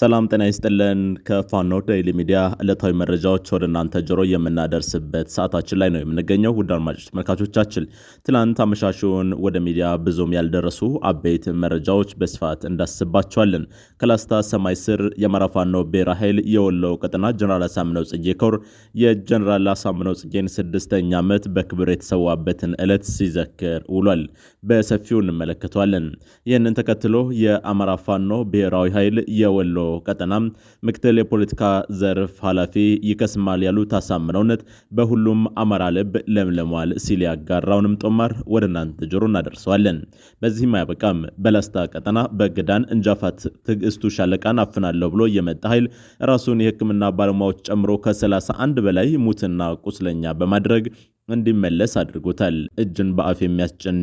ሰላም ጤና ይስጥልን። ከፋኖ ዴይሊ ሚዲያ ዕለታዊ መረጃዎች ወደ እናንተ ጆሮ የምናደርስበት ሰዓታችን ላይ ነው የምንገኘው። ውድ አድማጮች ተመልካቾቻችን፣ ትናንት አመሻሹን ወደ ሚዲያ ብዙም ያልደረሱ አበይት መረጃዎች በስፋት እንዳስባቸዋለን። ከላስታ ሰማይ ስር የአማራ ፋኖ ብሔራዊ ኃይል የወሎ ቀጠና ጀነራል አሳምነው ጽጌ ኮር የጀነራል አሳምነው ጽጌን ስድስተኛ ዓመት በክብር የተሰዋበትን ዕለት ሲዘክር ውሏል። በሰፊው እንመለከተዋለን። ይህንን ተከትሎ የአማራ ፋኖ ብሔራዊ ኃይል የወሎ ቀጠና ምክትል የፖለቲካ ዘርፍ ኃላፊ ይከስማል ያሉት አሳምነው እውነት በሁሉም አማራ ልብ ለምለሟል ሲል ያጋራውንም ጦማር ወደ እናንተ ጆሮ እናደርሰዋለን። በዚህም አያበቃም። በላስታ ቀጠና በግዳን እንጃፋት ትዕግስቱ ሻለቃን አፍናለሁ ብሎ የመጣ ኃይል ራሱን የሕክምና ባለሙያዎች ጨምሮ ከ31 በላይ ሙትና ቁስለኛ በማድረግ እንዲመለስ አድርጎታል። እጅን በአፍ የሚያስጭን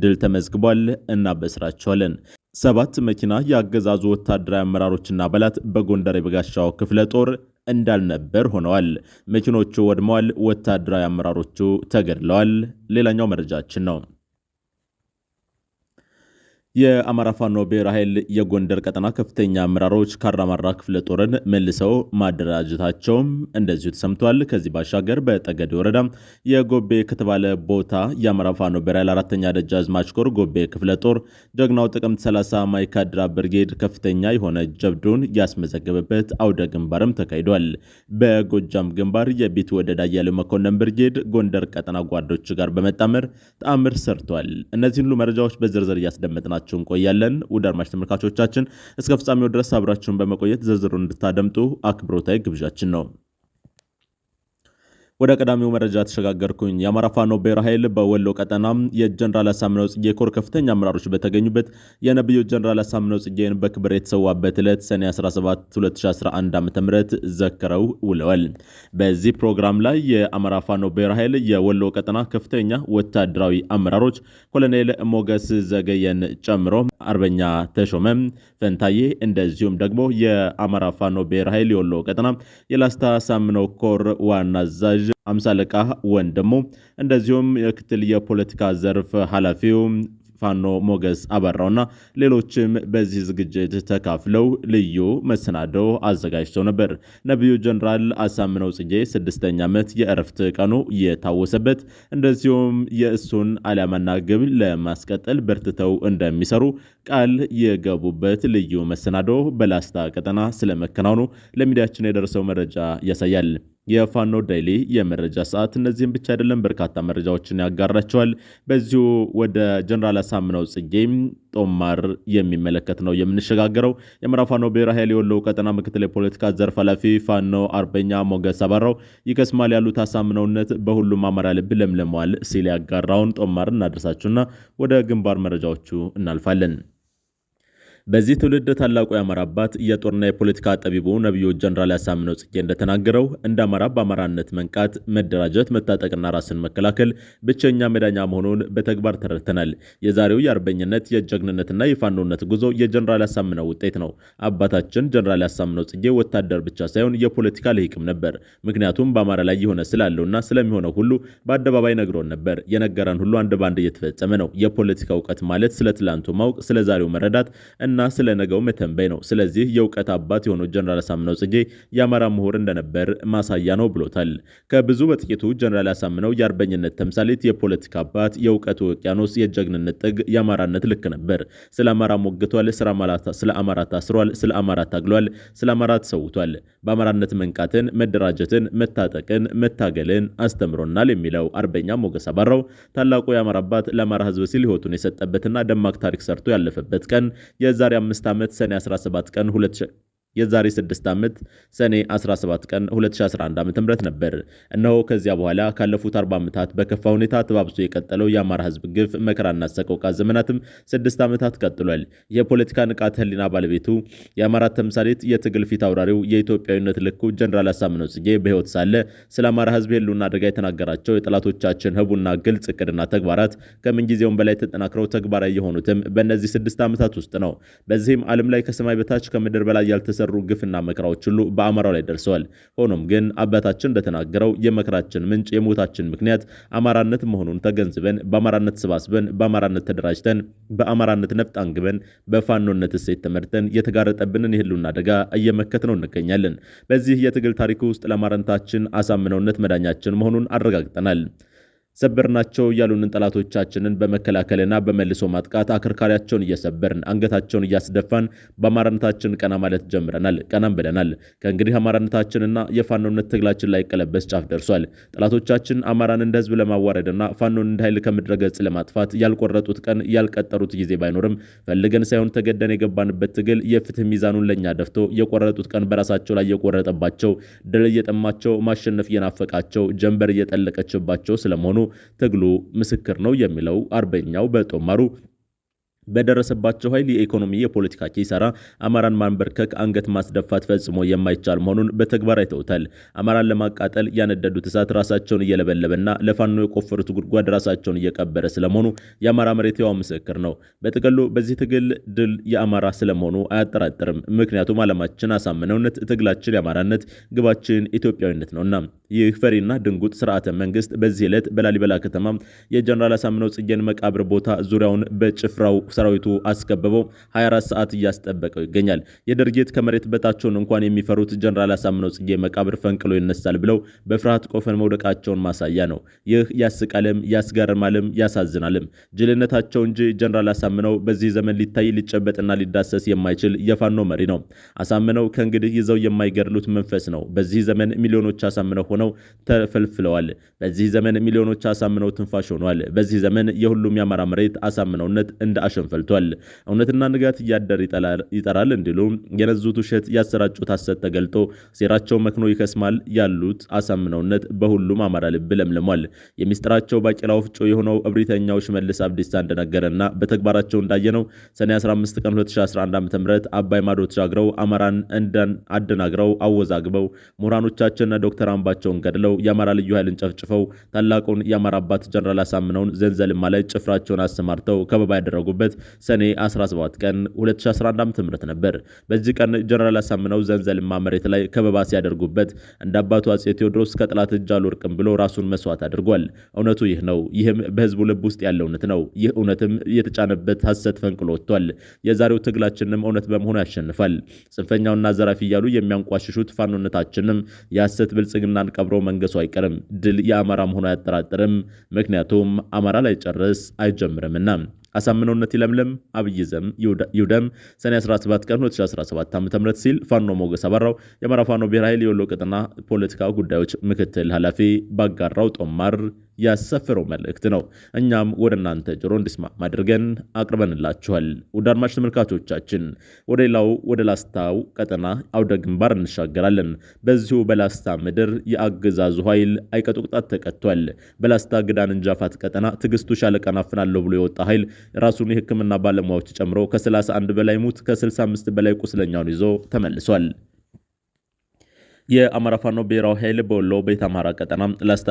ድል ተመዝግቧል። እናበስራቸዋለን። ሰባት መኪና የአገዛዙ ወታደራዊ አመራሮችና አባላት በጎንደር የበጋሻው ክፍለ ጦር እንዳልነበር ሆነዋል። መኪኖቹ ወድመዋል። ወታደራዊ አመራሮቹ ተገድለዋል። ሌላኛው መረጃችን ነው። የአማራ ፋኖ ብሔር ኃይል የጎንደር ቀጠና ከፍተኛ አመራሮች ካራማራ ክፍለ ጦርን መልሰው ማደራጀታቸውም እንደዚሁ ተሰምቷል። ከዚህ ባሻገር በጠገዴ ወረዳ የጎቤ ከተባለ ቦታ የአማራ ፋኖ ብሔር ኃይል አራተኛ ደጃዝማች ኮር ጎቤ ክፍለ ጦር ጀግናው ጥቅምት 30 ማይካድራ ብርጌድ ከፍተኛ የሆነ ጀብዱን ያስመዘገበበት አውደ ግንባርም ተካሂዷል። በጎጃም ግንባር የቢት ወደዳ ያለ መኮንን ብርጌድ ጎንደር ቀጠና ጓዶች ጋር በመጣመር ተአምር ሰርቷል። እነዚህን ሁሉ መረጃዎች በዝርዝር እያስደመጥናቸው ስናቀርብላችሁ እንቆያለን። ውድ አድማጭ ተመልካቾቻችን እስከ ፍጻሜው ድረስ አብራችሁን በመቆየት ዝርዝሩን እንድታደምጡ አክብሮታዊ ግብዣችን ነው። ወደ ቀዳሚው መረጃ ተሸጋገርኩኝ። የአማራ ፋኖ ብሔር ኃይል በወሎ ቀጠና የጀነራል አሳምነው ጽጌ ኮር ከፍተኛ አመራሮች በተገኙበት የነብዩ ጀነራል አሳምነው ጽጌን በክብር የተሰዋበት ዕለት ሰኔ 17 2011 ዓ.ም ዘክረው ውለዋል። በዚህ ፕሮግራም ላይ የአማራ ፋኖ ብሔር ኃይል የወሎ ቀጠና ከፍተኛ ወታደራዊ አመራሮች ኮሎኔል ሞገስ ዘገየን ጨምሮ አርበኛ ተሾመ ፈንታዬ፣ እንደዚሁም ደግሞ የአማራ ፋኖ ብሔር ኃይል የወሎ ቀጠና የላስታ ሳምነው ኮር ዋና አዛዥ አምሳ አለቃ ወንድሙ እንደዚሁም የክትል የፖለቲካ ዘርፍ ኃላፊው ፋኖ ሞገስ አበራውና ሌሎችም በዚህ ዝግጅት ተካፍለው ልዩ መሰናዶ አዘጋጅተው ነበር። ነቢዩ ጀኔራል አሳምነው ጽጌ ስድስተኛ ዓመት የእረፍት ቀኑ የታወሰበት እንደዚሁም የእሱን ዓላማና ግብ ለማስቀጠል በርትተው እንደሚሰሩ ቃል የገቡበት ልዩ መሰናዶ በላስታ ቀጠና ስለመከናወኑ ለሚዲያችን የደረሰው መረጃ ያሳያል። የፋኖ ዳይሊ የመረጃ ሰዓት እነዚህም ብቻ አይደለም፣ በርካታ መረጃዎችን ያጋራቸዋል። በዚሁ ወደ ጀነራል አሳምነው ጽጌም ጦማር የሚመለከት ነው የምንሸጋገረው። የአማራ ፋኖ ብሔራዊ ኃይል የወሎ ቀጠና ምክትል የፖለቲካ ዘርፍ ኃላፊ ፋኖ አርበኛ ሞገስ አባራው ይከስማል ያሉት አሳምነውነት በሁሉም አማራ ልብ ለምለመዋል ሲል ያጋራውን ጦማር እናደርሳችሁና ወደ ግንባር መረጃዎቹ እናልፋለን። በዚህ ትውልድ ታላቁ የአማራ አባት የጦርና የፖለቲካ ጠቢቡ ነቢዩ ጀኔራል ያሳምነው ጽጌ እንደተናገረው እንደ አማራ በአማራነት መንቃት፣ መደራጀት፣ መታጠቅና ራስን መከላከል ብቸኛ መዳኛ መሆኑን በተግባር ተረድተናል። የዛሬው የአርበኝነት የጀግንነትና የፋኖነት ጉዞ የጀኔራል ያሳምነው ውጤት ነው። አባታችን ጀኔራል ያሳምነው ጽጌ ወታደር ብቻ ሳይሆን የፖለቲካ ልሂቅም ነበር። ምክንያቱም በአማራ ላይ የሆነ ስላለውና ስለሚሆነው ሁሉ በአደባባይ ነግሮን ነበር። የነገረን ሁሉ አንድ ባንድ እየተፈጸመ ነው። የፖለቲካ እውቀት ማለት ስለ ትላንቱ ማወቅ፣ ስለ ዛሬው መረዳት እና ስለ ነገው መተንበይ ነው። ስለዚህ የእውቀት አባት የሆነው ጀነራል አሳምነው ጽጌ የአማራ ምሁር እንደነበር ማሳያ ነው ብሎታል። ከብዙ በጥቂቱ ጀነራል አሳምነው የአርበኝነት ተምሳሌት፣ የፖለቲካ አባት፣ የእውቀቱ ውቅያኖስ፣ የጀግንነት ጥግ፣ የአማራነት ልክ ነበር። ስለ አማራ ሞግቷል። ስለ አማራ ታስሯል። ስለ አማራ ታግሏል። ስለ አማራ ተሰውቷል። በአማራነት መንቃትን፣ መደራጀትን፣ መታጠቅን፣ መታገልን አስተምሮናል የሚለው አርበኛ ሞገስ አባራው ታላቁ የአማራ አባት ለአማራ ህዝብ ሲል ህይወቱን የሰጠበትና ደማቅ ታሪክ ሰርቶ ያለፈበት ቀን የዛ የዛሬ አምስት ዓመት ሰኔ 17 ቀን የዛሬ 6 ዓመት ሰኔ 17 ቀን 2011 ዓ.ም ነበር። እነሆ ከዚያ በኋላ ካለፉት 40 ዓመታት በከፋ ሁኔታ ተባብሶ የቀጠለው የአማራ ህዝብ ግፍ፣ መከራና ሰቆቃ ዘመናትም ስድስት ዓመታት ቀጥሏል። የፖለቲካ ንቃተ ህሊና ባለቤቱ የአማራ ተምሳሌት የትግል ፊት አውራሪው የኢትዮጵያዊነት ልኩ ጀኔራል አሳምነው ጽጌ በህይወት ሳለ ስለ አማራ ህዝብ የህልውና አደጋ የተናገራቸው የጠላቶቻችን ህቡና ግልጽ እቅድና ተግባራት ከምንጊዜውም በላይ ተጠናክረው ተግባራዊ የሆኑትም በእነዚህ ስድስት ዓመታት ውስጥ ነው። በዚህም ዓለም ላይ ከሰማይ በታች ከምድር በላይ ያልተሰ የተሰሩ ግፍና መከራዎች ሁሉ በአማራው ላይ ደርሰዋል። ሆኖም ግን አባታችን እንደተናገረው የመከራችን ምንጭ የሞታችን ምክንያት አማራነት መሆኑን ተገንዝበን በአማራነት ሰባስበን በአማራነት ተደራጅተን በአማራነት ነፍጥ አንግበን በፋኖነት እሴት ተመርተን የተጋረጠብንን የህልውና አደጋ እየመከትነው እንገኛለን። በዚህ የትግል ታሪክ ውስጥ ለማረንታችን አሳምነውነት መዳኛችን መሆኑን አረጋግጠናል። ሰበርናቸው ያሉንን ጠላቶቻችንን በመከላከልና በመልሶ ማጥቃት አከርካሪያቸውን እየሰበርን አንገታቸውን እያስደፋን በአማራነታችን ቀና ማለት ጀምረናል። ቀናም ብለናል። ከእንግዲህ አማራነታችንና የፋኖነት ትግላችን ላይ ቀለበስ ጫፍ ደርሷል። ጠላቶቻችን አማራን እንደ ህዝብ ለማዋረድና ፋኖን እንደ ኃይል ከምድረገጽ ለማጥፋት ያልቆረጡት ቀን ያልቀጠሩት ጊዜ ባይኖርም ፈልገን ሳይሆን ተገደን የገባንበት ትግል የፍትህ ሚዛኑን ለእኛ ደፍቶ የቆረጡት ቀን በራሳቸው ላይ የቆረጠባቸው ድል እየጠማቸው ማሸነፍ እየናፈቃቸው ጀንበር እየጠለቀችባቸው ስለመሆኑ ተግሉ ምስክር ነው የሚለው አርበኛው በጦማሩ በደረሰባቸው ኃይል የኢኮኖሚ የፖለቲካ ኪሳራ አማራን ማንበርከክ፣ አንገት ማስደፋት ፈጽሞ የማይቻል መሆኑን በተግባር አይተውታል። አማራን ለማቃጠል ያነደዱት እሳት ራሳቸውን እየለበለበና ለፋኖ የቆፈሩት ጉድጓድ ራሳቸውን እየቀበረ ስለመሆኑ የአማራ መሬት ያው ምስክር ነው። በጥቅሉ በዚህ ትግል ድል የአማራ ስለመሆኑ አያጠራጥርም። ምክንያቱም አለማችን አሳምነውነት፣ ትግላችን የአማራነት፣ ግባችን ኢትዮጵያዊነት ነውና። ይህ ፈሪና ድንጉጥ ስርዓተ መንግስት በዚህ ዕለት በላሊበላ ከተማ የጀነራል አሳምነው ጽጌን መቃብር ቦታ ዙሪያውን በጭፍራው ሰራዊቱ አስከበበው 24 ሰዓት እያስጠበቀው ይገኛል። የደርጌት ከመሬት በታቸውን እንኳን የሚፈሩት ጀነራል አሳምነው ጽጌ መቃብር ፈንቅሎ ይነሳል ብለው በፍርሃት ቆፈን መውደቃቸውን ማሳያ ነው። ይህ ያስቃልም፣ ያስገርማልም፣ ያሳዝናልም ጅልነታቸው እንጂ ጀነራል አሳምነው በዚህ ዘመን ሊታይ ሊጨበጥና ሊዳሰስ የማይችል የፋኖ መሪ ነው። አሳምነው ከእንግዲህ ይዘው የማይገድሉት መንፈስ ነው። በዚህ ዘመን ሚሊዮኖች አሳምነው ሆነው ተፈልፍለዋል። በዚህ ዘመን ሚሊዮኖች አሳምነው ትንፋሽ ሆኗል። በዚህ ዘመን የሁሉም የአማራ መሬት አሳምነውነት እንደ አሸንፍ ዓለም ፈልቷል። እውነትና ንጋት እያደር ይጠራል እንዲሉ የነዙት ውሸት ያሰራጩት ሐሰት ተገልጦ ሴራቸው መክኖ ይከስማል ያሉት አሳምነውነት በሁሉም አማራ ልብ ለምልሟል። የሚስጥራቸው ባቄላ ወፍጮ የሆነው እብሪተኛው ሽመልስ አብዲሳ እንደነገረና በተግባራቸው እንዳየነው ሰኔ 15 ቀን 2011 ዓ.ም አባይ ማዶ ተሻግረው አማራን እንደን አደናግረው አወዛግበው ምሁራኖቻችንና ዶክተር አምባቸውን ገድለው የአማራ ልዩ ኃይልን ጨፍጭፈው ታላቁን የአማራ አባት ጀነራል አሳምነውን ዘንዘልማ ላይ ጭፍራቸውን አሰማርተው ከበባ ያደረጉበት ሰኔ 17 ቀን 2011 ዓ.ም ነበር። በዚህ ቀን ጀነራል አሳምነው ዘንዘልማ መሬት ላይ ከበባ ሲያደርጉበት እንደ አባቱ አጼ ቴዎድሮስ ከጠላት እጅ አልወርቅም ብሎ ራሱን መስዋዕት አድርጓል። እውነቱ ይህ ነው። ይህም በህዝቡ ልብ ውስጥ ያለ እውነት ነው። ይህ እውነትም የተጫነበት ሐሰት ፈንቅሎ ወጥቷል። የዛሬው ትግላችንም እውነት በመሆኑ ያሸንፋል። ጽንፈኛውና ዘራፊ እያሉ የሚያንቋሽሹት ፋኖነታችንም የሐሰት ብልጽግናን ቀብሮ መንገሱ አይቀርም። ድል የአማራ መሆኑ አያጠራጥርም። ምክንያቱም አማራ ላይ ጨርስ አይጀምርምና አሳምነውነት ይለምለም አብይዘም ይውደም ሰኔ 17 ቀን 2017 ዓ ም ሲል ፋኖ ሞገስ አበራው የአማራ ፋኖ ብሔር ኃይል የወሎ ቀጠና ፖለቲካ ጉዳዮች ምክትል ኃላፊ ባጋራው ጦማር ያሰፈረው መልእክት ነው። እኛም ወደ እናንተ ጆሮ እንዲስማም አድርገን አቅርበንላችኋል። ውድ አድማጭ ተመልካቾቻችን ወደ ሌላው ወደ ላስታው ቀጠና አውደ ግንባር እንሻገራለን። በዚሁ በላስታ ምድር የአገዛዙ ኃይል አይቀጡ ቅጣት ተቀጥቷል። በላስታ ግዳን እንጃፋት ቀጠና ትዕግስቱ ሻለቃን አፍናለሁ ብሎ የወጣ ኃይል ራሱን የሕክምና ባለሙያዎች ጨምሮ ከ31 በላይ ሙት ከ65 በላይ ቁስለኛውን ይዞ ተመልሷል። የአማራ ፋኖ ብሔራዊ ኃይል በወሎ ቤት አማራ ቀጠና ላስታ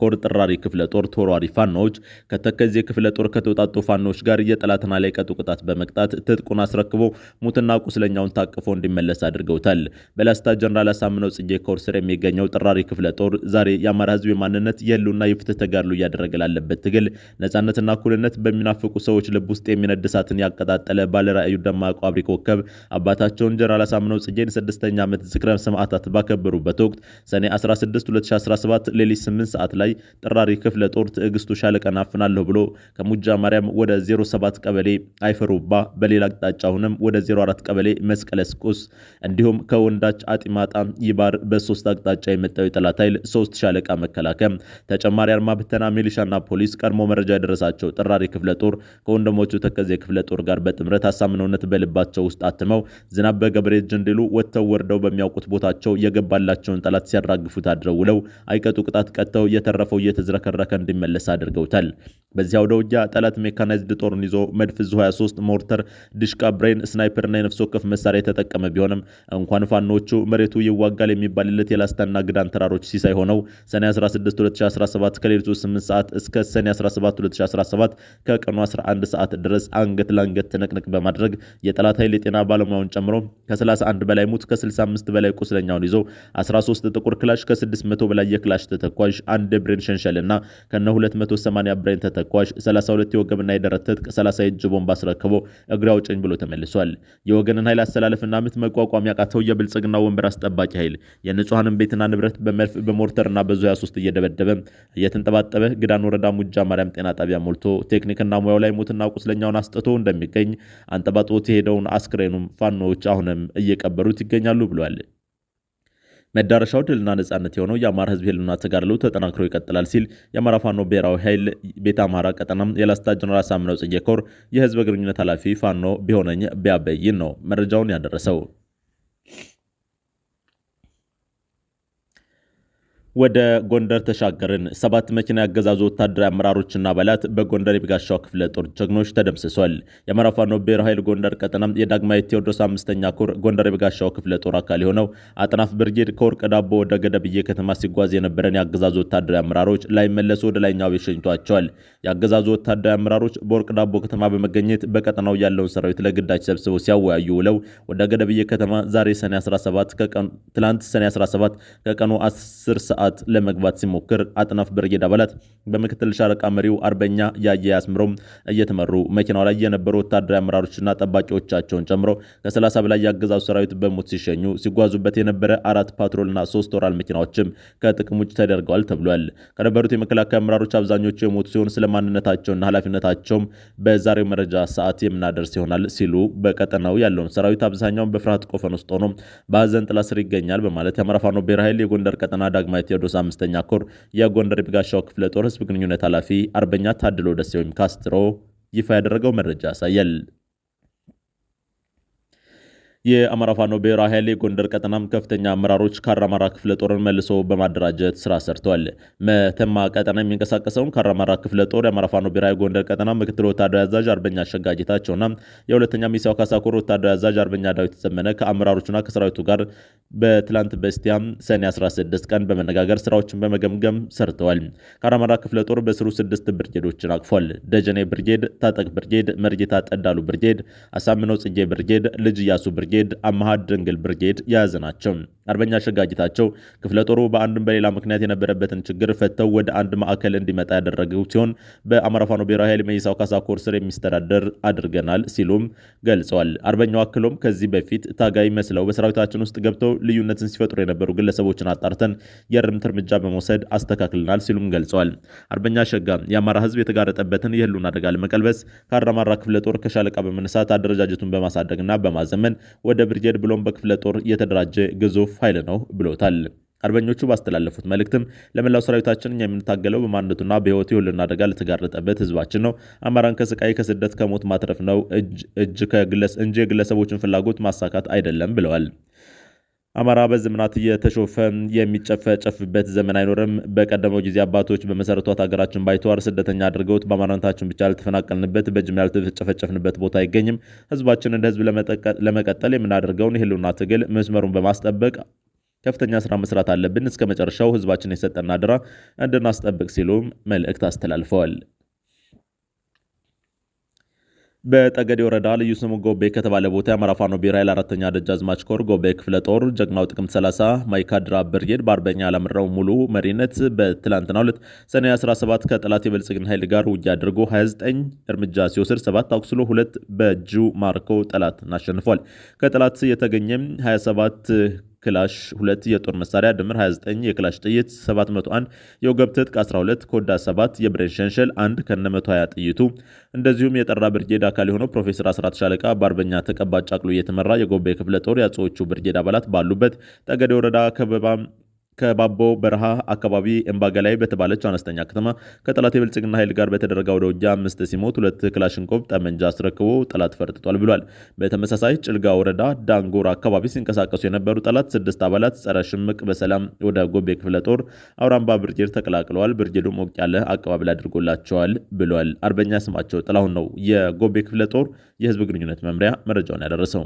ኮር ጥራሪ ክፍለ ጦር ተወራሪ ፋኖዎች ከተከዜ ክፍለ ጦር ከተውጣጡ ፋኖዎች ጋር የጠላትን ቀጡ ቅጣት በመቅጣት ትጥቁን አስረክቦ ሙትና ቁስለኛውን ታቅፎ እንዲመለስ አድርገውታል። በላስታ ጀነራል አሳምነው ጽጌ ኮር ስር የሚገኘው ጥራሪ ክፍለ ጦር ዛሬ የአማራ ህዝብ የማንነት የህልውና የፍትህ ተጋድሎ እያደረገ ላለበት ትግል ነጻነትና እኩልነት በሚናፍቁ ሰዎች ልብ ውስጥ የሚነድሳትን ያቀጣጠለ ባለራእዩ ደማቁ አብሪ ኮከብ አባታቸውን ጀነራል አሳምነው ጽጌን ስድስተኛ ዓመት ዝክረ ሰማዕታት ባከ በነበሩበት ወቅት ሰኔ 16 2017 ሌሊት 8 ሰዓት ላይ ጥራሪ ክፍለ ጦር ትዕግስቱ ሻለቀን አፍናለሁ ብሎ ከሙጃ ማርያም ወደ 07 ቀበሌ አይፈሩባ በሌላ አቅጣጫ አሁንም ወደ 04 ቀበሌ መስቀለ ስቁስ እንዲሁም ከወንዳች አጢማጣ ይባር በሶስት አቅጣጫ የመጣው የጠላት ኃይል ሶስት ሻለቃ መከላከም ተጨማሪ አርማ ብተና ሚሊሻና ፖሊስ ቀድሞ መረጃ የደረሳቸው ጥራሪ ክፍለ ጦር ከወንድሞቹ ተከዜ ክፍለ ጦር ጋር በጥምረት አሳምነውነት በልባቸው ውስጥ አትመው ዝናብ በገብሬ ጀንዴሉ ወጥተው ወርደው በሚያውቁት ቦታቸው የገባ የገባላቸውን ጠላት ሲያራግፉት አድረው ውለው አይቀጡ ቅጣት ቀጥተው የተረፈው እየተዝረከረከ እንዲመለስ አድርገውታል። በዚያ ወደ ውጊያ ጠላት ሜካናይዝድ ጦርን ይዞ መድፍ ዙ 23 ሞርተር፣ ድሽቃ፣ ብሬን፣ ስናይፐርና የነፍስ ወከፍ መሳሪያ የተጠቀመ ቢሆንም እንኳን ፋኖቹ መሬቱ ይዋጋል የሚባልለት የላስታና ግዳን ተራሮች ሲሳይ ሆነው ሰኔ 16 2017 ከሌሊቱ 8 ሰዓት እስከ ሰኔ 17 2017 ከቀኑ 11 ሰዓት ድረስ አንገት ለአንገት ትንቅንቅ በማድረግ የጠላት ኃይል የጤና ባለሙያውን ጨምሮ ከ31 በላይ ሙት ከ65 በላይ ቁስለኛውን ይዞ 13 ጥቁር ክላሽ ከ600 በላይ የክላሽ ተተኳዥ፣ አንድ ብሬን ሸንሸል እና ከነ 280 ብሬን ተተ ተተኳሽ 32 የወገብና የደረት ትጥቅ 30 የእጅ ቦምብ አስረክቦ እግሬ አውጭኝ ብሎ ተመልሷል። የወገንን ኃይል አሰላለፍና ምት መቋቋም ያቃተው የብልጽግና ወንበር አስጠባቂ ኃይል የንጹሐንን ቤትና ንብረት በመድፍ በሞርተርና በዙ 23 እየደበደበ እየተንጠባጠበ ግዳን ወረዳ ሙጃ ማርያም ጤና ጣቢያ ሞልቶ ቴክኒክና ሙያው ላይ ሞትና ቁስለኛውን አስጥቶ እንደሚገኝ አንጠባጥቦት የሄደውን አስክሬኑም ፋኖዎች አሁንም እየቀበሩት ይገኛሉ ብሏል። መዳረሻው ድልና ነጻነት የሆነው የአማራ ህዝብ ህልና ተጋድሎ ተጠናክሮ ይቀጥላል ሲል የአማራ ፋኖ ብሔራዊ ኃይል ቤተ አማራ ቀጠና የላስታ ጀነራል አሳምነው ጽጌ ኮር የህዝብ ግንኙነት ኃላፊ ፋኖ ቢሆነኝ ቢያበይን ነው መረጃውን ያደረሰው። ወደ ጎንደር ተሻገርን። ሰባት መኪና ያገዛዙ ወታደራዊ አመራሮችና አባላት በጎንደር የቢጋሻው ክፍለ ጦር ጀግኖች ተደምስሷል። የአማራ ፋኖ ብሔር ኃይል ጎንደር ቀጠና የዳግማዊ ቴዎድሮስ አምስተኛ ኩር ጎንደር የቢጋሻው ክፍለ ጦር አካል የሆነው አጥናፍ ብርጌድ ከወርቅ ዳቦ ወደ ገደብዬ ከተማ ሲጓዝ የነበረን የአገዛዙ ወታደራዊ አመራሮች ላይመለሱ ወደ ላይኛው ሸኝቷቸዋል። የአገዛዙ ወታደራዊ አመራሮች በወርቅ ዳቦ ከተማ በመገኘት በቀጠናው ያለውን ሰራዊት ለግዳጅ ሰብስበው ሲያወያዩ ውለው ወደ ገደብዬ ከተማ ዛሬ ሰኔ 17 ትላንት ሰኔ 17 ከቀኑ 10 ሰዓት ሰዓት ለመግባት ሲሞክር አጥናፍ ብርጌድ አባላት በምክትል ሻለቃ መሪው አርበኛ ያየ አስምሮም እየተመሩ መኪናው ላይ የነበሩ ወታደራዊ አመራሮችና ጠባቂዎቻቸውን ጨምሮ ከ30 በላይ የአገዛዙ ሰራዊት በሞት ሲሸኙ ሲጓዙበት የነበረ አራት ፓትሮልና ሶስት ወራል መኪናዎችም ከጥቅም ውጭ ተደርገዋል ተብሏል። ከነበሩት የመከላከያ አመራሮች አብዛኞቹ የሞቱ ሲሆን ስለ ማንነታቸውና ኃላፊነታቸውም በዛሬው መረጃ ሰዓት የምናደርስ ይሆናል ሲሉ በቀጠናው ያለውን ሰራዊት አብዛኛውን በፍርሃት ቆፈን ውስጥ ሆኖ በሀዘን ጥላ ስር ይገኛል በማለት የአማራ ፋኖ ብሔራዊ ኃይል የጎንደር ቀጠና ዳግማዊ ቴዎድሮስ አምስተኛ ኮር የጎንደር ቢጋሻው ክፍለ ጦር ህዝብ ግንኙነት ኃላፊ አርበኛ ታድሎ ደሴ ወይም ካስትሮ ይፋ ያደረገው መረጃ ያሳያል። የአማራ ፋኖ ብሔራዊ ኃይል የጎንደር ቀጠናም ከፍተኛ አመራሮች ከአራማራ ክፍለ ጦርን መልሶ በማደራጀት ስራ ሰርተዋል። መተማ ቀጠና የሚንቀሳቀሰውን ከአራማራ ክፍለ ጦር የአማራ ፋኖ ብሔራዊ ጎንደር ቀጠና ምክትል ወታደራዊ አዛዥ አርበኛ አሸጋ ጌታቸውና የሁለተኛ ሚሳው ካሳኮር ወታደራዊ አዛዥ አርበኛ ዳዊት ተዘመነ ከአመራሮቹና ከሰራዊቱ ጋር በትላንት በስቲያ ሰኔ 16 ቀን በመነጋገር ስራዎችን በመገምገም ሰርተዋል። ከአራማራ ክፍለ ጦር በስሩ ስድስት ብርጌዶችን አቅፏል። ደጀኔ ብርጌድ፣ ታጠቅ ብርጌድ፣ መርጌታ ጠዳሉ ብርጌድ፣ አሳምነው ጽጌ ብርጌድ፣ ልጅ እያሱ ብርጌድ ብርጌድ፣ አመሃ ድንግል ብርጌድ የያዘ ናቸው። አርበኛ አሸጋጊታቸው ክፍለ ጦሩ በአንድም በሌላ ምክንያት የነበረበትን ችግር ፈተው ወደ አንድ ማዕከል እንዲመጣ ያደረገው ሲሆን በአማራ ፋኖ ብሔራዊ ኃይል መይሳው ካሳ ኮር ስር የሚስተዳደር አድርገናል ሲሉም ገልጸዋል። አርበኛው አክሎም ከዚህ በፊት ታጋይ መስለው በሰራዊታችን ውስጥ ገብተው ልዩነትን ሲፈጥሩ የነበሩ ግለሰቦችን አጣርተን የእርምት እርምጃ በመውሰድ አስተካክልናል ሲሉም ገልጸዋል። አርበኛ አሸጋ የአማራ ህዝብ የተጋረጠበትን የህሉን አደጋ ለመቀልበስ ከአራማራ ክፍለ ጦር ከሻለቃ በመነሳት አደረጃጀቱን በማሳደግና በማዘመን ወደ ብርጌድ ብሎም በክፍለ ጦር የተደራጀ ግዙፍ ኃይል ነው ብሎታል። አርበኞቹ ባስተላለፉት መልእክትም ለመላው ሰራዊታችን እኛ የምንታገለው በማንነቱና በሕይወቱ የሁልና አደጋ ለተጋረጠበት ህዝባችን ነው። አማራን ከስቃይ ከስደት፣ ከሞት ማትረፍ ነው እጅ እንጂ የግለሰቦችን ፍላጎት ማሳካት አይደለም ብለዋል። አማራ በዘመናት እየተሾፈ የሚጨፈጨፍበት ዘመን አይኖርም። በቀደመው ጊዜ አባቶች በመሰረቷት ሀገራችን ባይተዋር ስደተኛ አድርገውት በአማራነታችን ብቻ ያልተፈናቀልንበት በጅምላ ያልተጨፈጨፍንበት ቦታ አይገኝም። ህዝባችን እንደ ህዝብ ለመቀጠል የምናደርገውን የህልውና ትግል መስመሩን በማስጠበቅ ከፍተኛ ስራ መስራት አለብን። እስከ መጨረሻው ህዝባችን የሰጠን አደራ እንድናስጠብቅ ሲሉም መልእክት አስተላልፈዋል። በጠገዴ ወረዳ ልዩ ስሙ ጎቤ ከተባለ ቦታ የአማራ ፋኖ ብሔራዊ ኃይል አራተኛ ደጃዝማች ኮር ጎቤ ክፍለ ጦር ጀግናው ጥቅምት 30 ማይካድራ ብርጌድ በአርበኛ አለምረው ሙሉ መሪነት በትላንትና ሁለት ሰኔ 17 ከጠላት የብልጽግና ኃይል ጋር ውጊ አድርጎ 29 እርምጃ ሲወስድ ሰባት አቁስሎ ሁለት በእጁ ማርኮ ጠላት አሸንፏል። ከጠላት የተገኘም 27 ክላሽ 2 የጦር መሳሪያ ድምር 29 የክላሽ ጥይት 701 የወገብ ትጥቅ 12 ኮዳ 7 የብሬን ሸንሸል 1 ከነ 120 ጥይቱ እንደዚሁም የጠራ ብርጌድ አካል የሆነው ፕሮፌሰር አስራት ሻለቃ በአርበኛ ተቀባጭ አቅሉ እየተመራ የጎቤ ክፍለ ጦር የአጽዎቹ ብርጌድ አባላት ባሉበት ጠገዴ ወረዳ ከበባ ከባቦ በረሃ አካባቢ ላይ በተባለች አነስተኛ ከተማ ከጠላት የብልጽግና ኃይል ጋር በተደረገ ወደ ውጊያ አምስት ሲሞት ሁለት ክላሽንኮቭ ጠመንጃ አስረክቦ ጠላት ፈርጥቷል ብሏል። በተመሳሳይ ጭልጋ ወረዳ ዳንጎር አካባቢ ሲንቀሳቀሱ የነበሩ ጠላት ስድስት አባላት ጸረ ሽምቅ በሰላም ወደ ጎቤ ክፍለ ጦር አውራምባ ብርጌድ ተቀላቅለዋል። ብርጌዱ ሞቅ ያለ አቀባበል አድርጎላቸዋል ብሏል። አርበኛ ስማቸው ጥላሁን ነው የጎቤ ክፍለ ጦር የህዝብ ግንኙነት መምሪያ መረጃውን ያደረሰው።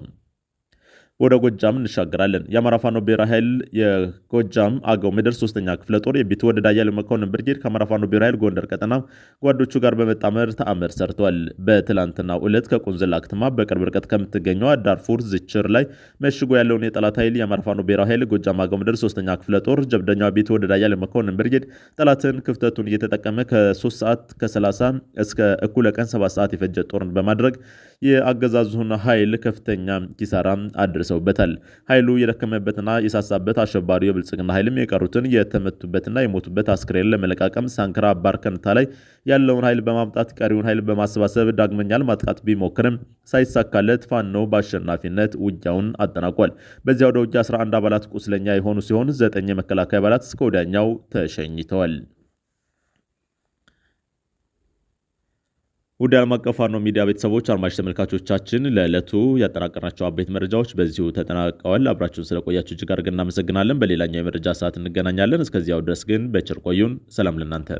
ወደ ጎጃም እንሻገራለን። የአማራ ፋኖ ብሔራዊ ኃይል የጎጃም አገው ምድር ሶስተኛ ክፍለ ጦር የቢት ወደድ አያሌው መኮንን ብርጌድ ከአማራ ፋኖ ብሔራዊ ኃይል ጎንደር ቀጠና ጓዶቹ ጋር በመጣመር ተአምር ሰርቷል። በትላንትና ዕለት ከቁንዝላ ከተማ በቅርብ ርቀት ከምትገኘው አዳርፉር ዝችር ላይ መሽጎ ያለውን የጠላት ኃይል የአማራ ፋኖ ብሔራዊ ኃይል ጎጃም አገው ምድር ሶስተኛ ክፍለ ጦር ጀብደኛ ቢት ወደድ አያሌው መኮንን ብርጌድ ጠላትን ክፍተቱን እየተጠቀመ ከ3 ሰዓት ከ30 እስከ እኩለ ቀን 7 ሰዓት የፈጀ ጦርን በማድረግ የአገዛዙን ኃይል ከፍተኛ ኪሳራ አድርሰውበታል። ኃይሉ የደከመበትና የሳሳበት አሸባሪው የብልጽግና ኃይልም የቀሩትን የተመቱበትና የሞቱበት አስክሬን ለመለቃቀም ሳንክራ አባር ከንታ ላይ ያለውን ኃይል በማምጣት ቀሪውን ኃይል በማሰባሰብ ዳግመኛ ለማጥቃት ቢሞክርም ሳይሳካለት ፋኖ በአሸናፊነት ውጊያውን አጠናቋል። በዚያ ወደ ውጊያ 11 አባላት ቁስለኛ የሆኑ ሲሆን ዘጠኝ የመከላከያ አባላት እስከ ወዲያኛው ተሸኝተዋል። ውድ ዓለም አቀፍ ፋኖ ሚዲያ ቤተሰቦች አድማጭ ተመልካቾቻችን ለዕለቱ ያጠናቀናቸው አበይት መረጃዎች በዚሁ ተጠናቀዋል። አብራችሁን ስለቆያችሁ እጅግ አድርገን እናመሰግናለን። በሌላኛው የመረጃ ሰዓት እንገናኛለን። እስከዚያው ድረስ ግን በቸር ቆዩን። ሰላም ለእናንተ።